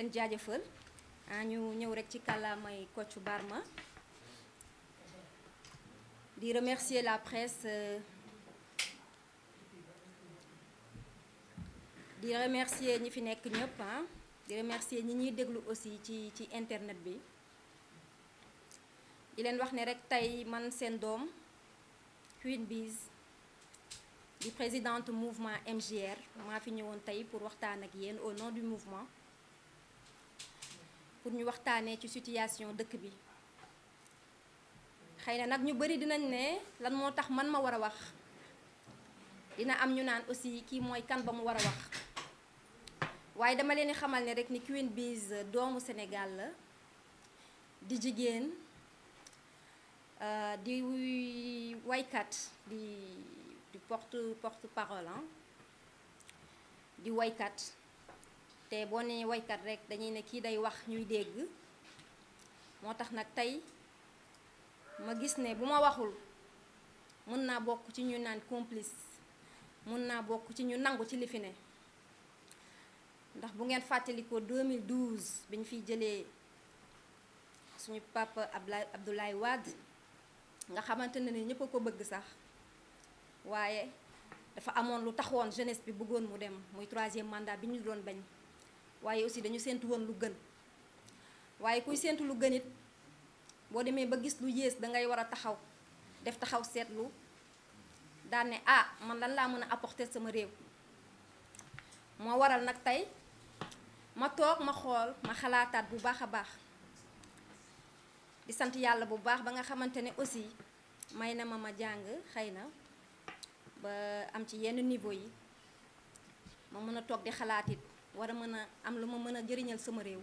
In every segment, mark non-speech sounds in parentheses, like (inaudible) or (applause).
leen jaajëfal ah ñu ñëw rek ci kàllaamay Kocc Barma di remercier la presse euh, di remercier ñi fi nekk ñëpp ah di remercier ñi ñuy déglu aussi ci ci internet bi di leen wax ne rek tey man seen doom Queen Biz di présidente mouvement MJR maa fi ñëwoon tey pour waxtaan ak yéen au nom du mouvement pour ñu waxtaanee ci situation dëkk bi xëy na nag ñu bari dinañ ne lan moo tax man ma war a wax dina am ñu naan aussi kii mooy kan ba mu war a wax waaye dama leen di xamal ne rek ni Queen Biz doomu senegal la di jigéen euh, di waykat di di porte porte parole di woykat te boo nee woykat rek dañuy ne kii day wax ñuy dégg moo tax nag tey ma gis ne bu ma waxul mën naa bokk ci ñu naan complice mën naa bokk ci ñu nangu ci lifine ndax bu ngeen fàttalikoo 2012 bi ñu fiy jëlee suñu papa Abdoulaye Abdoulaye nga xamante ne ni ñëpp a ko bëgg sax waaye dafa amoon lu taxoon jeunesse bi bëggoon mu dem muy troisième mandat bi ñu doon bañ. waaye aussi dañu séntu woon lu gën waaye kuy séntu lu gën it boo demee ba gis lu yées da ngay war a taxaw def taxaw seetlu daan ne ah man lan laa mën a apporter sama réew moo waral nag tey ma toog ma xool ma xalaataat bu baax a baax di sant yàlla bu baax ba nga xamante ne aussi may na ma ma jàng xëy na ba am ci yenn niveau yi ma mën a toog di xalaat it war a mën a am lu ma mën a jëriñal sama réew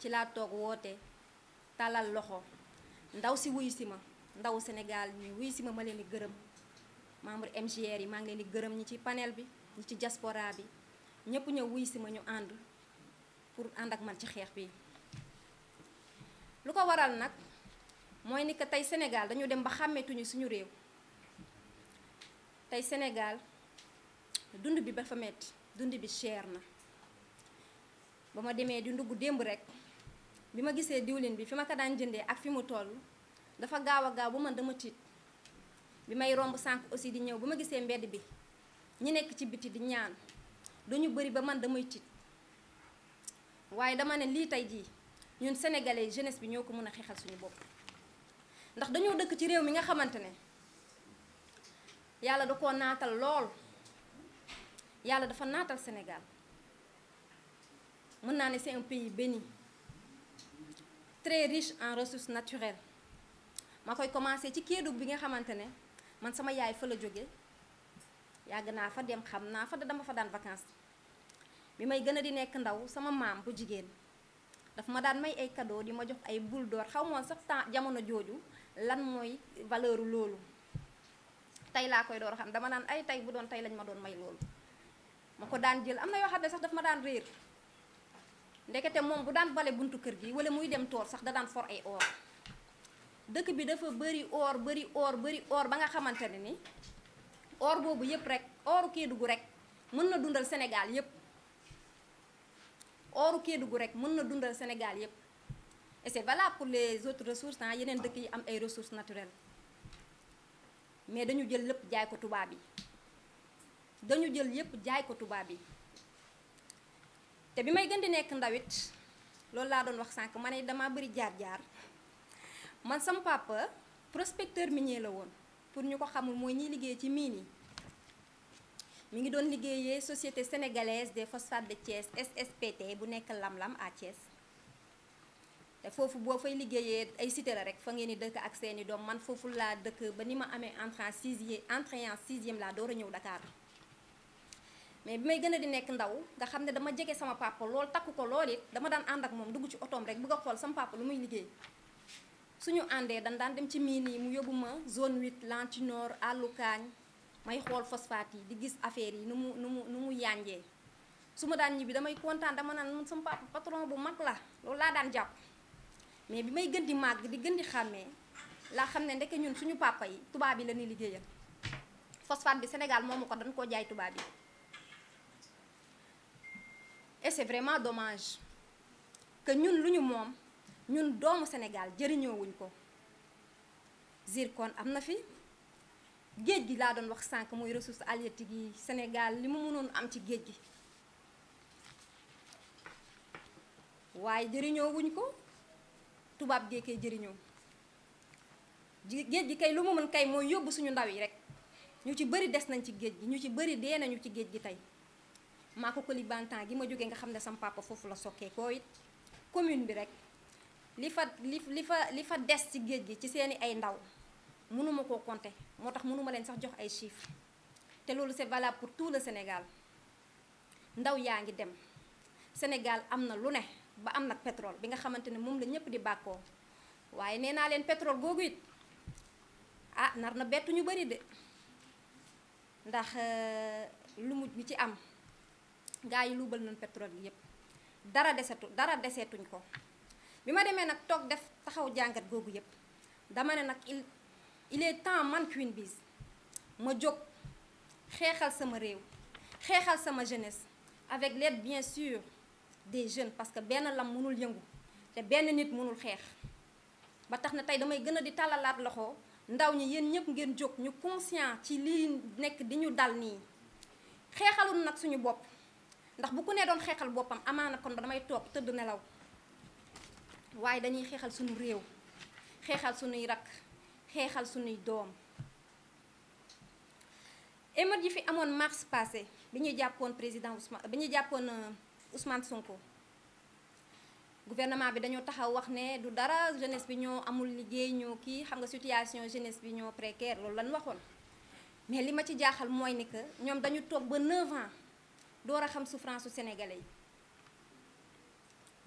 ci laa toog woote tàllal loxo ndaw si wuyu si ma ndaw Sénégal ñu wuyu si ma ma leen di gërëm membre MGR yi maa ngi leen di gërëm ñi ci panel bi ñi ci diaspora bi ñëpp ñëw wuyu si ma ñu ànd pour ànd ak man ci xeex bi lu ko waral nag mooy ni que tey Sénégal dañu dem ba xàmmeetuñu suñu réew tey Sénégal dund bi ba fa metti dund bi cher na ba ma demee di ndugg démb rek bi ma gisee diwlin bi fi ma ko daan jëndee ak fi mu toll dafa gaaw a gaaw ba man dama tiit bi may romb sànq aussi di ñëw ba ma gisee mbedd bi ñu nekk ci biti di ñaan dañu bëri ba man damay tiit waaye dama ne lii tey jii ñun sénégalais jeunesse bi ñoo ko mën a xeexal suñu bopp ndax dañoo dëkk ci réew mi nga xamante ne yàlla da koo naatal lool yàlla dafa naatal senegal mën naa ne c'est un pays béni très riche en ressource naturelles ma koy commencé ci Kédougou bi nga xamante ne man sama yaay fa la jóge yàgg naa fa dem xam naa fa dama fa daan vacances bi may gën a di nekk ndaw sama maam bu jigéen dafa ma daan may ay cadeau di ma jox ay boule door xaw moon sax temps jamono jooju lan mooy valeur loolu tey laa koy door a xam dama naan ay tey bu doon tey lañ ma doon may loolu ma ko daan jël am na yoo xam ne sax daf ma daan réer ndekete moom bu daan bale buntu kër gi wala muy dem toor sax da daan for ay or dëkk bi dafa bëri or bëri or bëri or ba nga xamante ni or boobu yëpp rek oru Kédougou rek mën na dundal Sénégal yëpp oru Kédougou rek mën na dundal Sénégal yëpp et c'est valable pour les autres ressources ah yeneen dëkk yi am ay ressources naturelles mais dañu jël lépp jaay ko tubaab yi dañu jël yëpp jaay ko tubaab yi te bi may gën di nekk ndawit loolu laa doon wax sànq ma ne damaa bëri jaar-jaar man sama papa prospecteur minier la woon pour ñu ko xamul mooy ñiy liggéey ci mine yi mi ngi doon liggéeyee société sénégalaise des phosphates de Thiès SSPT bu nekk Lam-Lam à Thiès te foofu boo fay liggéeyee ay cité rek fa ngeen di dëkk ak seeni doom man foofu laa dëkk ba ni ma amee entrée en sixième entrée en laa door a ñëw Dakar. mais bi may gën di nekk ndaw nga xam ne dama jege sama papa lool takku ko lool it dama daan ànd ak moom dugg ci otoom rek bëgg xool sama papa lu muy liggéey suñu àndee dan daan dem ci mine yi mu yóbbu ma zone 8 Lantinor àllukaañ may xool phosphate yi di gis affaire nu mu nu mu nu mu daan ñibbi damay kontaan dama naan mun sama bu mag la laa daan jàpp mais bi may gën di màgg di gën di xàmmee laa xam ne ndeke ñun suñu papa yi tubaab yi la ñuy liggéeyal phosphate bi Sénégal moom ko dañ koo jaay tubaab yi et c'est vraiment dommage que ñun lu ñu moom ñun doomu Sénégal jëriñoowuñ ko zircon am na fi géej gi laa doon wax sànq muy ressource halieutique gi Sénégal li mu mënoon am ci géej gi waaye jëriñoowuñ ko tubaab gee kay jëriñoo géej gi kay lu mu mën kay mooy yóbbu suñu ndaw yi rek ñu ci bari des nañ ci géej gi ñu ci bari dee nañu ci géej gi tey maa ko këli gi ma jógee nga xam ne sam foofu la sokkee koo it commune bi rek li fa li li fa li fa des ci géej gi ci seeni ay ndaw mënuma koo compter moo tax mënuma leen sax jox ay chiffres te loolu c'est valable pour tout le Sénégal ndaw yaa ngi dem Sénégal am na lu ne ba am nag pétrole bi nga xamante ne moom la ñëpp di bàkkoo waaye nee naa leen pétrole googu it ah nar na bettu ñu bari de ndax euh, lu mujj bi ci am gaa yi luubal nañ pétrole bi yëpp dara desetu dara deseetuñ ko bi ma demee nag toog def taxaw jàngat googu yëpp dama ne nag il il temps man Queen Biz ma jóg xeexal sama réew xeexal sama jeunesse avec l'aide bien sûr des jeunes parce que benn lam mënul yëngu te benn nit mënul xeex ba tax na tey damay gën a di tàllalaat loxo ndaw ñi yéen ñëpp ngeen jóg ñu conscient ci lii nekk di ñu dal nii xeexalul nag suñu bopp ndax bu ku ne doon xeexal boppam amaana kon ba damay toog tëdd nelaw waaye dañuy xeexal suñu réew xeexal suñuy rakk xeexal suñuy doom émeute yi fi amoon mars passé bi ñuy jàppoon président Ousmane bi ñuy jàppoon euh, Ousmane Sonko gouvernement bi dañoo taxaw wax ne du dara jeunesse bi ñoo amul liggéey ñoo kii xam nga situation jeunesse bi ñoo précaire loolu lañ waxoon mais li ma ci jaaxal mooy ni que ñoom dañu toog ba 9 ans door a xam souffrance su sénégalais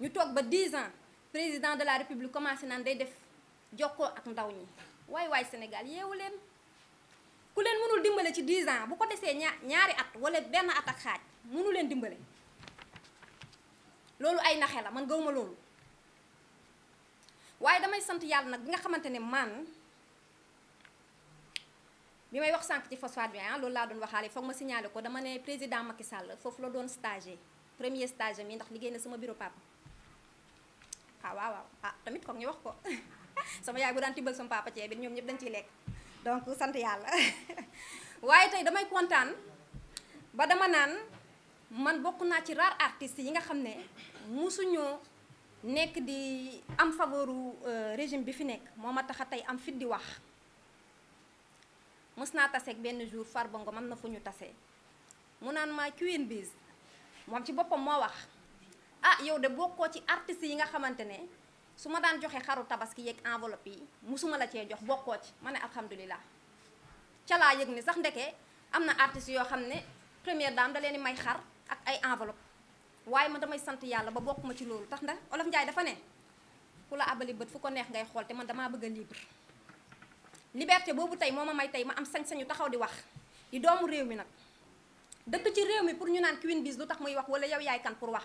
yi ñu toog ba 10 ans président de la république commencé naan day def jokkoo ak ndaw ñi waay waay Sénégal yeewu leen ku leen mënul dimbale ci 10 ans bu ko desee ñaar ñaari at wala benn at ak xaaj mënu leen dimbale loolu ay naxe la man gawma loolu waaye damay sant yàlla nag bi nga xamante ne man bi may wax sànq ci phosphate bi ah loolu laa doon waxaale foog ma signalé ko dama ne président Macky Sall foofu la doon stagiaire premier stage mi ndax liggéey na sama bureau papa ah, waaw waaw ah tamit foog ñu wax ko (laughs) sama yaay bu daan tibbal sama papa ceeb bi ñoom ñëpp dañ ciy lekk donc sant yàlla (laughs) waaye tey damay kontaan ba dama naan man bokk naa ci rare artistes yi nga xam ne musuñoo nekk di am favooru euh, régime bi fi nekk moom ma tax a tey am fit di wax mës naa taseeg benn jour far Ngom man na fu ñu tasee mu naan ma Queen Biz moom ci boppam moo wax ah yow de bokkoo ci artistes yi nga xamante ne su ma daan joxe xaru tabaski yeeg enveloppe yi musuma la cee jox bokkoo ci ma ne alhamdulilah calaa laa yëg ni sax ndeke am na artistes yoo xam ne première dame da leen di may xar ak ay enveloppe waaye man damay sant yàlla ba bokkuma ci loolu tax ndax Olof Njaay dafa ne ku la abali bët fu ko neex ngay xool te man damaa bëgg a libre liberté boobu tey moo ma may tey ma am sañ-sañu taxaw di wax di doomu réew mi nag dëkk ci réew mi pour ñu naan Queen Biz lu tax muy wax wala yow yaay kan pour wax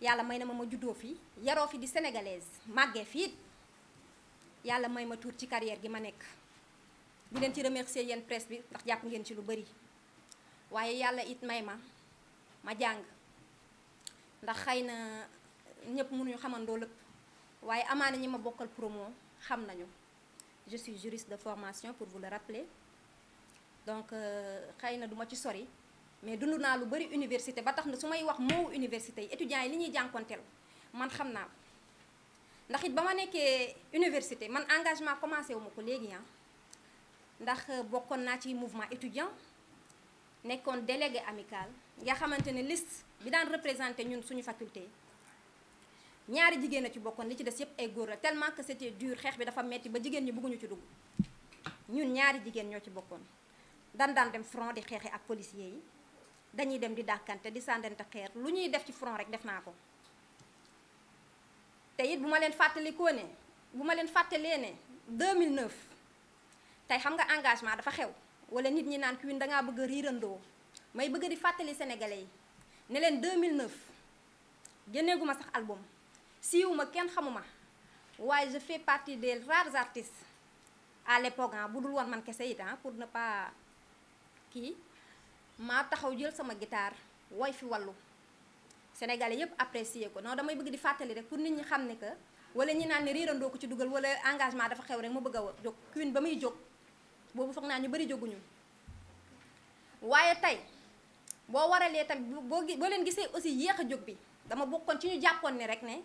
yàlla may na ma ma juddoo fi yaroo fi di sénégalaise màggee fii yàlla may ma tuur ci carrière gi ma nekk di leen ci remercier yéen presse bi ndax jàpp ngeen ci lu bari waaye yàlla it may ma ma jàng ndax xëy na ñëpp mënuñu xamandoo lépp waaye amaana ñi ma bokkal promo xam nañu je suis juriste de formation pour vous le rappeler donc euh, xëy na duma ci sori mais dund naa lu bëri université ba tax na su may wax moowu université yi étudiants yi li ñuy jànkonteel man xam naa ko ndax it ba ma nekkee université man engagement commencé wu ma ko léegi ah ndax euh, bokkoon naa ci mouvement étudiant nekkoon délégué amical nga xamante ne list bi daan représenté ñun suñu faculté ñaari jigéen a ci bokkoon li ci des yëpp ay góor la tellement que c'était dur xeex bi dafa metti ba jigéen ñi bëgguñu ci dugg ñun ñaari jigéen ñoo ci bokkoon dan daan dem front di xeexi ak policiers yi dañuy dem di dàkkante di sàndante xeer lu ñuy def ci front rek def naa ko te it bu ma leen fàttalikoo ne bu ma leen fàttalee ne 2009 tey xam nga engagement dafa xew wala nit ñi naan Queen dangaa bëgg a riirandoo may bëgg di fàttali sénégalais yi ni leen 2009 génneeguma sax album siiw ma kenn xamuma waaye je fais partie des rares artistes à l'époque ah, bu dul woon man kese it ah, pour ne pas kii maa taxaw jël sama gitaar woy fi wàllu sénégalais yépp apprécier ko non damay bëgg di fàttali rek pour nit ñi xam ne que wala ñi naan ne riirandoo ko ci dugal wala engagement dafa xew rek mu bëgg a jóg Queen ba muy jóg boobu foog naa ñu bari jóguñu waaye tey boo waralee tamit boo boo leen gisee aussi yéex a jóg bi dama bokkoon ci ñu jàppoon ne rek ne.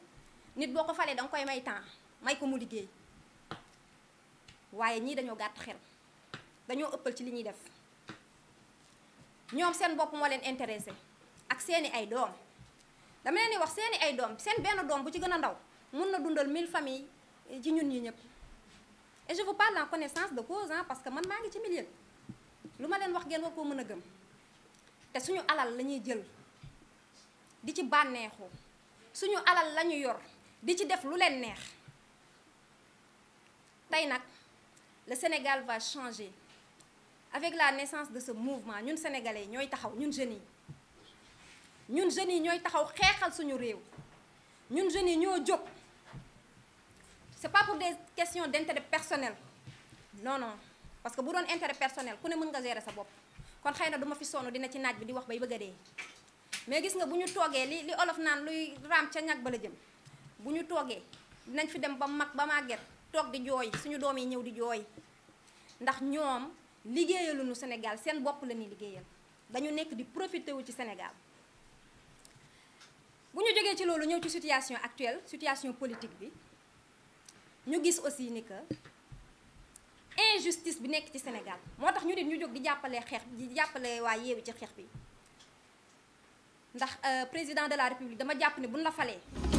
nit boo ko falee danga koy may temps may ko mu liggéey waaye ñii dañoo gàtt xel dañoo ëppal ci li ñuy def ñoom seen bopp moo leen intéressé ak seeni ay doom dama leen wax seeni ay doom seen benn doom bu ci gën a ndaw mun na dundal mille famille eh, ci ñun ñi ñëpp et je vous parle en connaissance de cause parce que man maa ngi ci milieu lu ma leen wax ngeen war koo mën a gëm te suñu alal lañuy jël di ci bànneexu suñu alal lañu yor di ci def lu leen neex tey nag le Sénégal va changer avec la naissance de ce mouvement ñun sénégalais ñooy taxaw ñun jeunes yi ñun jeunes yi ñooy taxaw xeexal suñu réew ñun jeunes yi ñoo jóg c'est pas pour des questions d'intérêt personnel non non parce que bu doon intérêt personnel ku ne mën nga gérer sa bopp kon xëy na duma fi sonn dina ci naaj bi di wax bay bëgg dee mais gis nga bu ñu toogee li li olof naan luy raam ca ñag ba la jëm bu ñu toogee dinañ fi dem ba mag ba màgget toog di jooy suñu doom yi ñëw di jooy ndax ñoom liggéeyaluñu Sénégal seen bopp la ñuy liggéeyal dañu nekk di profité wu ci Sénégal. bu ñu jógee ci loolu ñëw ci situation actuelle situation politique bi ñu gis aussi ni que injustice bi nekk ci Sénégal moo tax ñu nit ñu jóg di jàppale xeex di jàppale waa Yewwi ci xeex bi ndax euh, président de la République dama jàpp ne buñ la falee.